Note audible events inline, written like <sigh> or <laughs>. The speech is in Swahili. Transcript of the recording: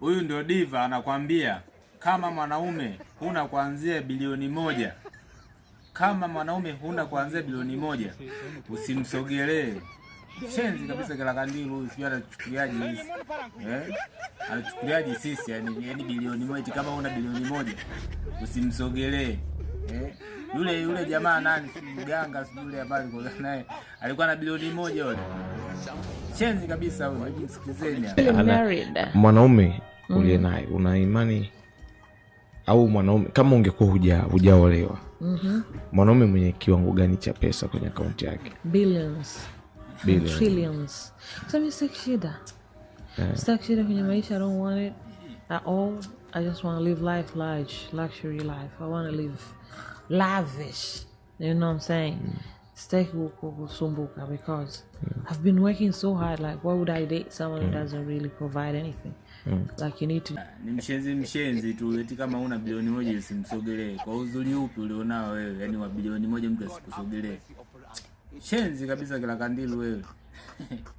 Huyu ndio diva anakwambia, kama mwanaume huna kuanzia bilioni moja, kama mwanaume huna kuanzia bilioni moja, usimsogelee. Shenzi kabisa, kila Kilakandilu huyu sijui anachukuliaje hizi eh? Anachukuliaje sisi yani, yani bilioni moja, kama una bilioni moja usimsogelee eh? Yule yule jamaa nani, si mganga, si yule ambaye alikuwa naye, alikuwa na bilioni moja yote. Shenzi kabisa huyo, hebu msikizeni. Mwanaume uliye naye una imani au mwanaume kama ungekuwa huja hujaolewa mm-hmm. mwanaume mwenye kiwango gani cha pesa kwenye akaunti yake billions billions trillions sasa sitaki shida yeah. shida kwenye maisha i don't want it at all i just want to live life large luxury life i want to live lavish you know what i'm saying mm sitaki because yeah. i've been working so hard like why would i date someone mm. who doesn't really provide anything mm. like you need to ah, ni mshenzi mshenzi tu eti kama una bilioni moja usimsogelee kwa uzuri upi ulionao wewe yaani wa bilioni moja mtu asikusogelee shenzi kabisa kila kandili wewe <laughs>